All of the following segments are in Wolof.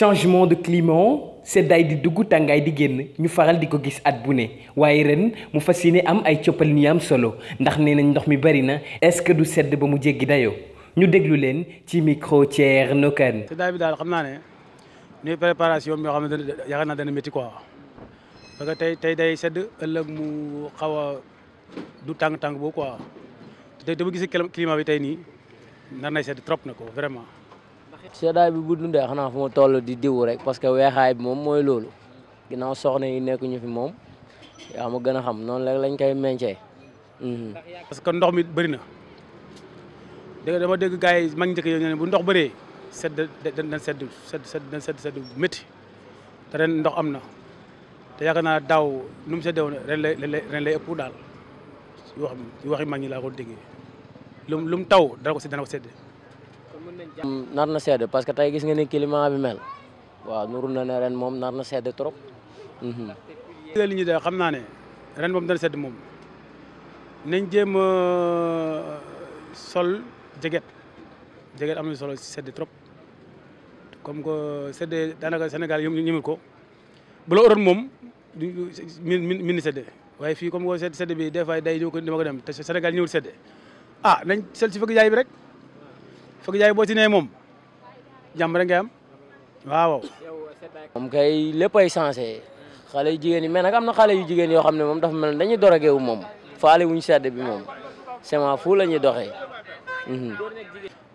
changement de climat seddaay di dugg tàngaay di génn ñu faral di ko gis at bu ne waaye ren mu fas yéene am ay coppal ni solo ndax nee nañ ndox mi bari na est-ce que du sedd ba mu jéggi dayoo ñu déglu leen ci micro Thierno Kane. seddaay bi daal xam naa ne ñuy préparation yoo xam ne dana yaakaar naa dana métti quoi parce que tey tey day sedd ëllëg mu xaw a du tàng tàng boobu quoi te tey dama gis bi tey nii nar nay sedd trop na ko vraiment. seddaay bi bu dundee xanaa fu ma toll di diwu rek parce que weexaay bi moom mooy loolu ginnaaw soxna yi nekkuñu fi moom yaa ma gën a xam noonu rek lañ koy meñcee. Mhm. parce que ndox mi bëri na dégg dama dégg gars yi mag bu ndox bëree sedd dañ sedd sedd dañ sedd sedd métti te ren ndox am na te yaakaar naa daaw nu mu ren lay ëpp daal wax waxi mag ñi laa ko déggee lu taw dana ko sedd dana ko sedd nar na sedd parce que tey gis nga ni climat bi mel waaw nuru na ne ren moom nar na sedd trop. Mhm. li ñu xam naa ne ren moom dana sedd moom nañ jéem euh, sol jeget jeget am na solo sedd trop comme que sedd daanaka Sénégal yëngu ñu ko bu moom du min sedd fii comme que sedd bi des fois day ñëw ko dama ko dem te Sénégal ñëwul ah nañ sel si fëgg yaay bi rek. foog jaay boo ci nee moom jàmm am waaw. moom kay lépp ay changé xale jigéen yi mais nag am na xale yu jigéen yoo xam ne moom dafa mel ne dañuy dorogeewu moom faale wuñ sedd bi moom sement fu la ñuy doxee. Mhm.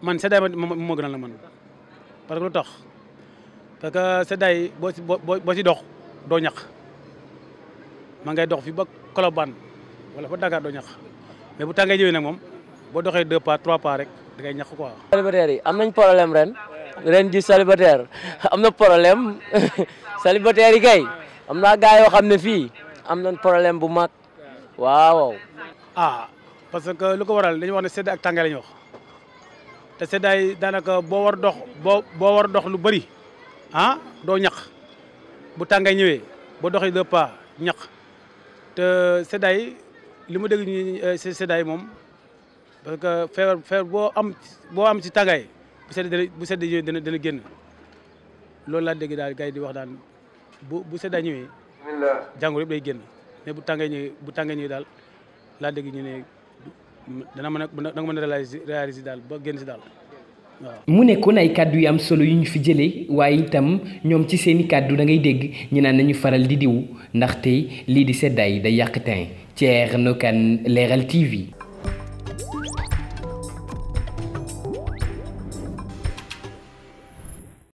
man seddaay ma moo gënal la man parce que lu tax parce que seddaay boo si boo si dox doo ñax ma ngay dox fi ba Colobane wala fa Dakar doo ñax mais bu tàngee jëwee nag moom. boo doxee deux pas trois pas rek da ngay ko quoi. célibataire yi am nañ problème ren ren ji célibataire am na problème célibataire yi kay am naa gars yoo xam ne fii am nañ problème bu mag waaw. ah parce que lu ko waral dañu wax ne sedd ak tàngaay la wax te seddaay daanaka boo war dox boo boo war dox lu bëri ah doo ñaq bu tàngaay ñëwee boo doxee deux pas ñaq te seddaay li mu dégg ñu eh, seddaay moom. parce que feebar feebar boo am boo am ci tàngaay bu sedd bu dana dana génn loolu laa dégg daal gars yi di wax daan bu bu ñëwee jàngoro yëpp day génn mais bu tàngaay ñëwee bu tàngaay ñëwee daal laa dégg ñu ne dana mën a danga mën a réaliser réaliser daal ba génn si daal mu nekkoon ay kàddu yu am solo yu ñu fi jëlee waaye itam ñoom ci seeni kàddu dangay dégg ñu naan nañu faral di diw ndaxte lii di seddaay day yàq teen Thierno Kane Leral TV